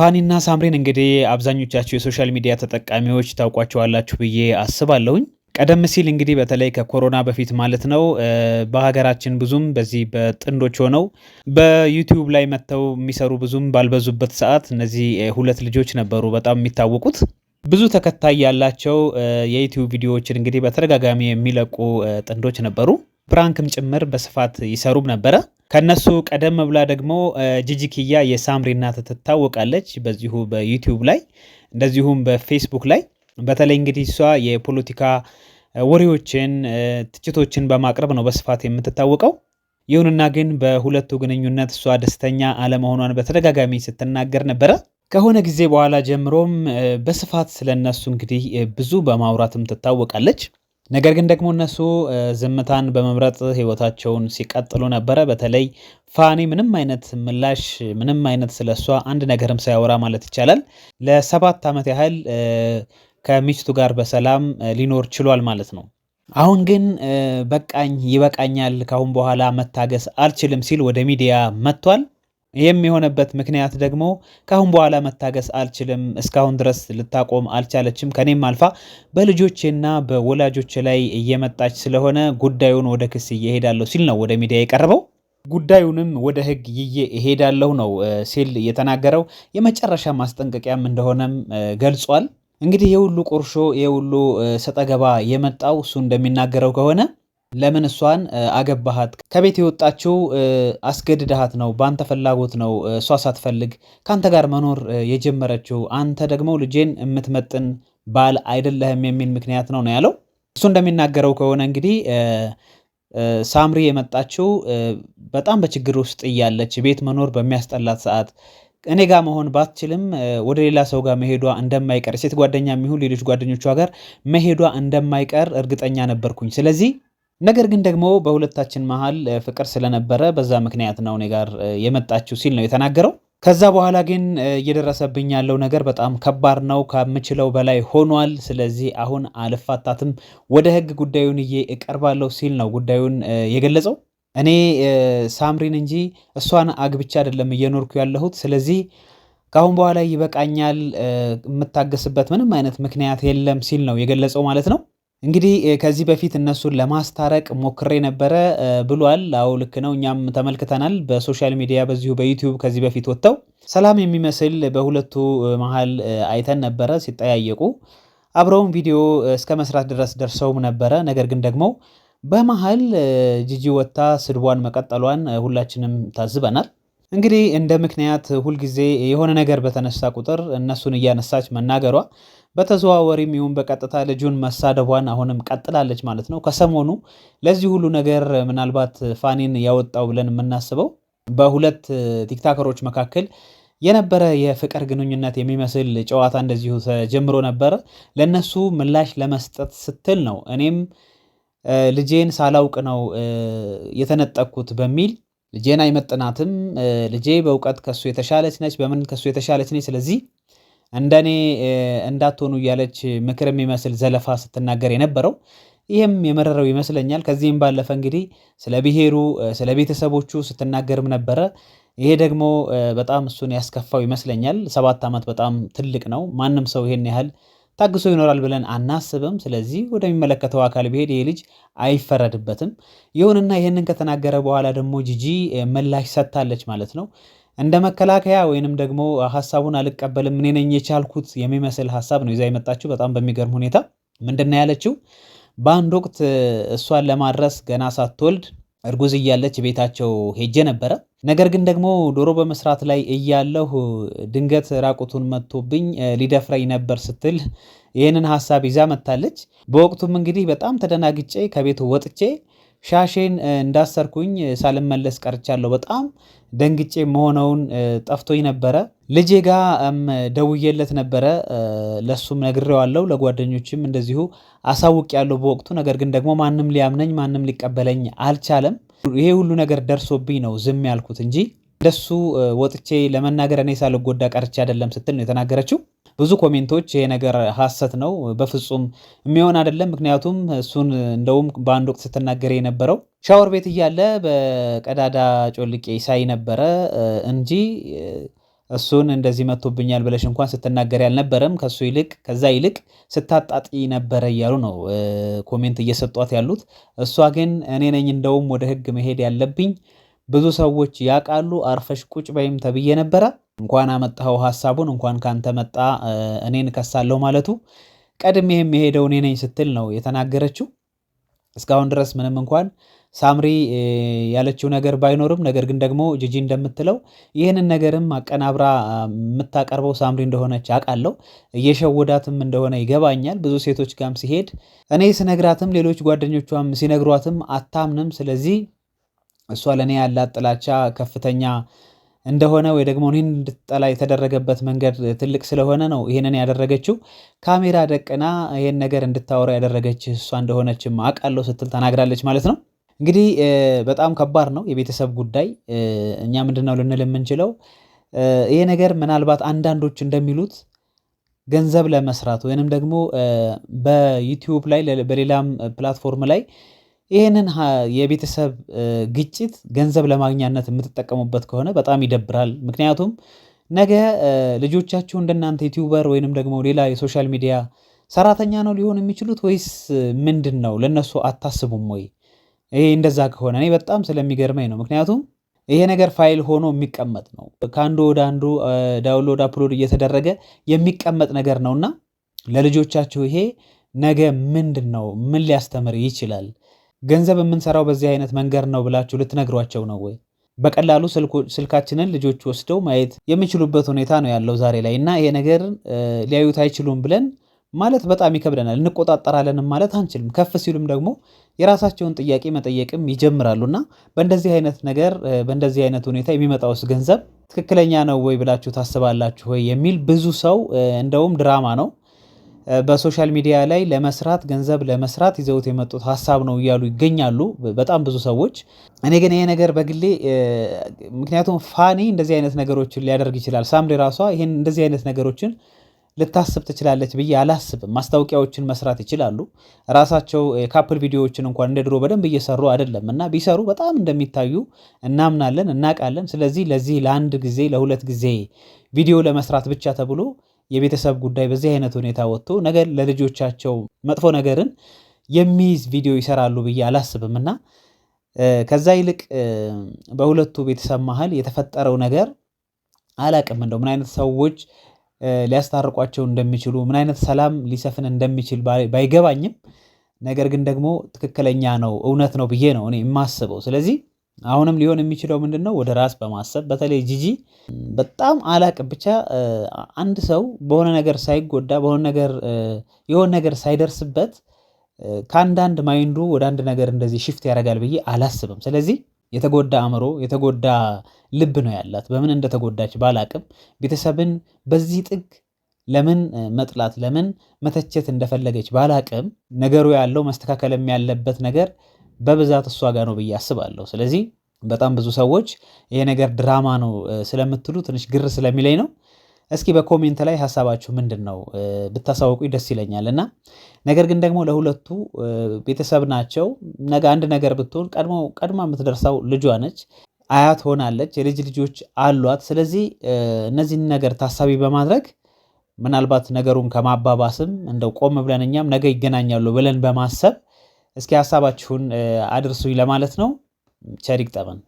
ፋኒና ሳምሪን እንግዲህ አብዛኞቻችሁ የሶሻል ሚዲያ ተጠቃሚዎች ታውቋቸዋላችሁ ብዬ አስባለሁኝ። ቀደም ሲል እንግዲህ በተለይ ከኮሮና በፊት ማለት ነው በሀገራችን ብዙም በዚህ በጥንዶች ሆነው በዩቲዩብ ላይ መጥተው የሚሰሩ ብዙም ባልበዙበት ሰዓት እነዚህ ሁለት ልጆች ነበሩ በጣም የሚታወቁት ብዙ ተከታይ ያላቸው የዩቲዩብ ቪዲዮዎችን እንግዲህ በተደጋጋሚ የሚለቁ ጥንዶች ነበሩ። ፕራንክም ጭምር በስፋት ይሰሩም ነበረ። ከነሱ ቀደም ብላ ደግሞ ጂጂኪያ የሳምሪ እናት ትታወቃለች፣ በዚሁ በዩቲዩብ ላይ እንደዚሁም በፌስቡክ ላይ በተለይ እንግዲህ እሷ የፖለቲካ ወሬዎችን ትችቶችን በማቅረብ ነው በስፋት የምትታወቀው። ይሁንና ግን በሁለቱ ግንኙነት እሷ ደስተኛ አለመሆኗን በተደጋጋሚ ስትናገር ነበረ። ከሆነ ጊዜ በኋላ ጀምሮም በስፋት ስለነሱ እንግዲህ ብዙ በማውራትም ትታወቃለች። ነገር ግን ደግሞ እነሱ ዝምታን በመምረጥ ህይወታቸውን ሲቀጥሉ ነበረ። በተለይ ፋኒ ምንም አይነት ምላሽ ምንም አይነት ስለሷ አንድ ነገርም ሳያወራ ማለት ይቻላል ለሰባት ዓመት ያህል ከሚስቱ ጋር በሰላም ሊኖር ችሏል ማለት ነው። አሁን ግን በቃኝ፣ ይበቃኛል፣ ካሁን በኋላ መታገስ አልችልም ሲል ወደ ሚዲያ መጥቷል። ይህም የሆነበት ምክንያት ደግሞ ከአሁን በኋላ መታገስ አልችልም፣ እስካሁን ድረስ ልታቆም አልቻለችም፣ ከኔም አልፋ በልጆቼና በወላጆች ላይ እየመጣች ስለሆነ ጉዳዩን ወደ ክስ እየሄዳለሁ ሲል ነው ወደ ሚዲያ የቀረበው። ጉዳዩንም ወደ ሕግ ይዬ እሄዳለሁ ነው ሲል የተናገረው። የመጨረሻ ማስጠንቀቂያም እንደሆነም ገልጿል። እንግዲህ የሁሉ ቁርሾ የሁሉ ሰጠገባ የመጣው እሱ እንደሚናገረው ከሆነ ለምን እሷን አገባሃት? ከቤት የወጣችው አስገድድሃት ነው፣ በአንተ ፍላጎት ነው፣ እሷ ሳትፈልግ ከአንተ ጋር መኖር የጀመረችው። አንተ ደግሞ ልጄን የምትመጥን ባል አይደለህም የሚል ምክንያት ነው ነው ያለው። እሱ እንደሚናገረው ከሆነ እንግዲህ ሳምሪ የመጣችው በጣም በችግር ውስጥ እያለች ቤት መኖር በሚያስጠላት ሰዓት እኔ ጋር መሆን ባትችልም ወደ ሌላ ሰው ጋር መሄዷ እንደማይቀር ሴት ጓደኛ የሚሆን ሌሎች ጓደኞቿ ጋር መሄዷ እንደማይቀር እርግጠኛ ነበርኩኝ። ስለዚህ ነገር ግን ደግሞ በሁለታችን መሀል ፍቅር ስለነበረ በዛ ምክንያት ነው እኔ ጋር የመጣችው ሲል ነው የተናገረው። ከዛ በኋላ ግን እየደረሰብኝ ያለው ነገር በጣም ከባድ ነው፣ ከምችለው በላይ ሆኗል። ስለዚህ አሁን አልፋታትም፣ ወደ ህግ ጉዳዩን እዬ እቀርባለሁ ሲል ነው ጉዳዩን የገለጸው። እኔ ሳምሪን እንጂ እሷን አግብቻ አይደለም እየኖርኩ ያለሁት። ስለዚህ ከአሁን በኋላ ይበቃኛል፣ የምታገስበት ምንም አይነት ምክንያት የለም ሲል ነው የገለጸው ማለት ነው። እንግዲህ ከዚህ በፊት እነሱን ለማስታረቅ ሞክሬ ነበረ ብሏል። አዎ ልክ ነው። እኛም ተመልክተናል በሶሻል ሚዲያ በዚሁ በዩቲዩብ ከዚህ በፊት ወጥተው ሰላም የሚመስል በሁለቱ መሀል አይተን ነበረ ሲጠያየቁ፣ አብረውም ቪዲዮ እስከ መስራት ድረስ ደርሰውም ነበረ። ነገር ግን ደግሞ በመሀል ጂጂ ወታ ስድቧን መቀጠሏን ሁላችንም ታዝበናል። እንግዲህ እንደ ምክንያት ሁልጊዜ የሆነ ነገር በተነሳ ቁጥር እነሱን እያነሳች መናገሯ በተዘዋወሪም ይሁን በቀጥታ ልጁን መሳደቧን አሁንም ቀጥላለች ማለት ነው። ከሰሞኑ ለዚህ ሁሉ ነገር ምናልባት ፋኒን ያወጣው ብለን የምናስበው በሁለት ቲክታከሮች መካከል የነበረ የፍቅር ግንኙነት የሚመስል ጨዋታ እንደዚሁ ተጀምሮ ነበረ። ለእነሱ ምላሽ ለመስጠት ስትል ነው እኔም ልጄን ሳላውቅ ነው የተነጠቅኩት በሚል ልጄን አይመጥናትም፣ ልጄ በእውቀት ከሱ የተሻለች ነች፣ በምን ከሱ የተሻለች ነች፣ ስለዚህ እንደኔ እንዳትሆኑ እያለች ምክር የሚመስል ዘለፋ ስትናገር የነበረው ይህም የመረረው ይመስለኛል። ከዚህም ባለፈ እንግዲህ ስለ ብሔሩ፣ ስለ ቤተሰቦቹ ስትናገርም ነበረ። ይሄ ደግሞ በጣም እሱን ያስከፋው ይመስለኛል። ሰባት ዓመት በጣም ትልቅ ነው። ማንም ሰው ይሄን ያህል ታግሶ ይኖራል ብለን አናስብም። ስለዚህ ወደሚመለከተው አካል ቢሄድ ይህ ልጅ አይፈረድበትም። ይሁንና ይህንን ከተናገረ በኋላ ደግሞ ጂጂ ምላሽ ሰጥታለች ማለት ነው። እንደ መከላከያ ወይንም ደግሞ ሀሳቡን አልቀበልም እኔ ነኝ የቻልኩት የሚመስል ሀሳብ ነው ይዛ የመጣችው በጣም በሚገርም ሁኔታ ምንድን ነው ያለችው? በአንድ ወቅት እሷን ለማድረስ ገና ሳትወልድ እርጉዝ እያለች ቤታቸው ሄጄ ነበረ። ነገር ግን ደግሞ ዶሮ በመስራት ላይ እያለሁ ድንገት ራቁቱን መጥቶብኝ ሊደፍረኝ ነበር ስትል ይህንን ሀሳብ ይዛ መታለች። በወቅቱም እንግዲህ በጣም ተደናግጬ ከቤቱ ወጥቼ ሻሼን እንዳሰርኩኝ ሳልመለስ ቀርቻለሁ። በጣም ደንግጬ መሆነውን ጠፍቶኝ ነበረ። ልጄ ጋ ደውዬለት ነበረ። ለሱም ነግሬዋለሁ፣ ለጓደኞችም እንደዚሁ አሳውቄያለሁ በወቅቱ። ነገር ግን ደግሞ ማንም ሊያምነኝ ማንም ሊቀበለኝ አልቻለም። ይሄ ሁሉ ነገር ደርሶብኝ ነው ዝም ያልኩት እንጂ እንደሱ ወጥቼ ለመናገር እኔ ሳልጎዳ ቀርቼ አይደለም ስትል ነው የተናገረችው። ብዙ ኮሜንቶች ይሄ ነገር ሀሰት ነው፣ በፍጹም የሚሆን አይደለም። ምክንያቱም እሱን እንደውም በአንድ ወቅት ስትናገር የነበረው ሻወር ቤት እያለ በቀዳዳ ጮልቄ ሳይ ነበረ እንጂ እሱን እንደዚህ መቶብኛል ብለሽ እንኳን ስትናገር ያልነበረም ከሱ ይልቅ ከዛ ይልቅ ስታጣጢ ነበረ እያሉ ነው ኮሜንት እየሰጧት ያሉት። እሷ ግን እኔ ነኝ እንደውም ወደ ህግ መሄድ ያለብኝ ብዙ ሰዎች ያውቃሉ፣ አርፈሽ ቁጭ በይም ተብዬ ነበረ እንኳን አመጣኸው ሀሳቡን እንኳን ካንተ መጣ እኔን እከሳለሁ ማለቱ ቀድሜ የሄደው እኔ ነኝ ስትል ነው የተናገረችው። እስካሁን ድረስ ምንም እንኳን ሳምሪ ያለችው ነገር ባይኖርም ነገር ግን ደግሞ ጂጂ እንደምትለው ይህንን ነገርም አቀናብራ የምታቀርበው ሳምሪ እንደሆነች አውቃለሁ። እየሸወዳትም እንደሆነ ይገባኛል። ብዙ ሴቶች ጋም ሲሄድ እኔ ስነግራትም ሌሎች ጓደኞቿም ሲነግሯትም አታምንም። ስለዚህ እሷ ለእኔ ያላት ጥላቻ ከፍተኛ እንደሆነ ወይ ደግሞ ይህን እንድትጠላ የተደረገበት መንገድ ትልቅ ስለሆነ ነው ይህንን ያደረገችው። ካሜራ ደቅና ይህን ነገር እንድታወራ ያደረገች እሷ እንደሆነችም አውቃለሁ ስትል ተናግራለች ማለት ነው። እንግዲህ በጣም ከባድ ነው የቤተሰብ ጉዳይ። እኛ ምንድነው ልንል የምንችለው ይሄ ነገር ምናልባት አንዳንዶች እንደሚሉት ገንዘብ ለመስራት ወይንም ደግሞ በዩቲዩብ ላይ በሌላም ፕላትፎርም ላይ ይህንን የቤተሰብ ግጭት ገንዘብ ለማግኛነት የምትጠቀሙበት ከሆነ በጣም ይደብራል። ምክንያቱም ነገ ልጆቻችሁ እንደናንተ ዩቲዩበር ወይንም ደግሞ ሌላ የሶሻል ሚዲያ ሰራተኛ ነው ሊሆን የሚችሉት ወይስ ምንድን ነው? ለነሱ አታስቡም ወይ? ይሄ እንደዛ ከሆነ እኔ በጣም ስለሚገርመኝ ነው። ምክንያቱም ይሄ ነገር ፋይል ሆኖ የሚቀመጥ ነው። ከአንዱ ወደ አንዱ ዳውንሎድ አፕሎድ እየተደረገ የሚቀመጥ ነገር ነውና ለልጆቻችሁ ይሄ ነገ ምንድን ነው ምን ሊያስተምር ይችላል? ገንዘብ የምንሰራው በዚህ አይነት መንገድ ነው ብላችሁ ልትነግሯቸው ነው ወይ? በቀላሉ ስልካችንን ልጆች ወስደው ማየት የሚችሉበት ሁኔታ ነው ያለው ዛሬ ላይ እና ይሄ ነገር ሊያዩት አይችሉም ብለን ማለት በጣም ይከብደናል። እንቆጣጠራለንም ማለት አንችልም። ከፍ ሲሉም ደግሞ የራሳቸውን ጥያቄ መጠየቅም ይጀምራሉ እና በእንደዚህ አይነት ነገር በእንደዚህ አይነት ሁኔታ የሚመጣውስ ገንዘብ ትክክለኛ ነው ወይ ብላችሁ ታስባላችሁ ወይ የሚል ብዙ ሰው እንደውም ድራማ ነው በሶሻል ሚዲያ ላይ ለመስራት ገንዘብ ለመስራት ይዘውት የመጡት ሀሳብ ነው እያሉ ይገኛሉ በጣም ብዙ ሰዎች። እኔ ግን ይሄ ነገር በግሌ ምክንያቱም ፋኒ እንደዚህ አይነት ነገሮችን ሊያደርግ ይችላል። ሳምሪ ራሷ ይህን እንደዚህ አይነት ነገሮችን ልታስብ ትችላለች ብዬ አላስብም። ማስታወቂያዎችን መስራት ይችላሉ። ራሳቸው የካፕል ቪዲዮዎችን እንኳን እንደ ድሮ በደንብ እየሰሩ አይደለም እና ቢሰሩ በጣም እንደሚታዩ እናምናለን፣ እናውቃለን። ስለዚህ ለዚህ ለአንድ ጊዜ ለሁለት ጊዜ ቪዲዮ ለመስራት ብቻ ተብሎ የቤተሰብ ጉዳይ በዚህ አይነት ሁኔታ ወጥቶ ነገር ለልጆቻቸው መጥፎ ነገርን የሚይዝ ቪዲዮ ይሰራሉ ብዬ አላስብም እና ከዛ ይልቅ በሁለቱ ቤተሰብ መሀል የተፈጠረው ነገር አላቅም እንደው ምን አይነት ሰዎች ሊያስታርቋቸው እንደሚችሉ ምን አይነት ሰላም ሊሰፍን እንደሚችል ባይገባኝም ነገር ግን ደግሞ ትክክለኛ ነው እውነት ነው ብዬ ነው እኔ የማስበው። ስለዚህ አሁንም ሊሆን የሚችለው ምንድን ነው? ወደ ራስ በማሰብ በተለይ ጂጂ በጣም አላቅም ብቻ አንድ ሰው በሆነ ነገር ሳይጎዳ በሆነ ነገር የሆነ ነገር ሳይደርስበት ከአንዳንድ ማይንዱ ወደ አንድ ነገር እንደዚህ ሽፍት ያደርጋል ብዬ አላስብም። ስለዚህ የተጎዳ አእምሮ የተጎዳ ልብ ነው ያላት። በምን እንደተጎዳች ባላቅም ቤተሰብን በዚህ ጥግ ለምን መጥላት ለምን መተቸት እንደፈለገች ባላቅም ነገሩ ያለው መስተካከልም ያለበት ነገር በብዛት እሷ ጋር ነው ብዬ አስባለሁ። ስለዚህ በጣም ብዙ ሰዎች ይሄ ነገር ድራማ ነው ስለምትሉ ትንሽ ግር ስለሚለኝ ነው። እስኪ በኮሜንት ላይ ሀሳባችሁ ምንድን ነው ብታሳውቁ ደስ ይለኛል እና ነገር ግን ደግሞ ለሁለቱ ቤተሰብ ናቸው። ነገ አንድ ነገር ብትሆን ቀድማ የምትደርሰው ልጇ ነች፣ አያት ሆናለች፣ የልጅ ልጆች አሏት። ስለዚህ እነዚህን ነገር ታሳቢ በማድረግ ምናልባት ነገሩን ከማባባስም እንደው ቆም ብለን እኛም ነገ ይገናኛሉ ብለን በማሰብ እስኪ ሀሳባችሁን አድርሱኝ ለማለት ነው። ቸር ይግጠመን።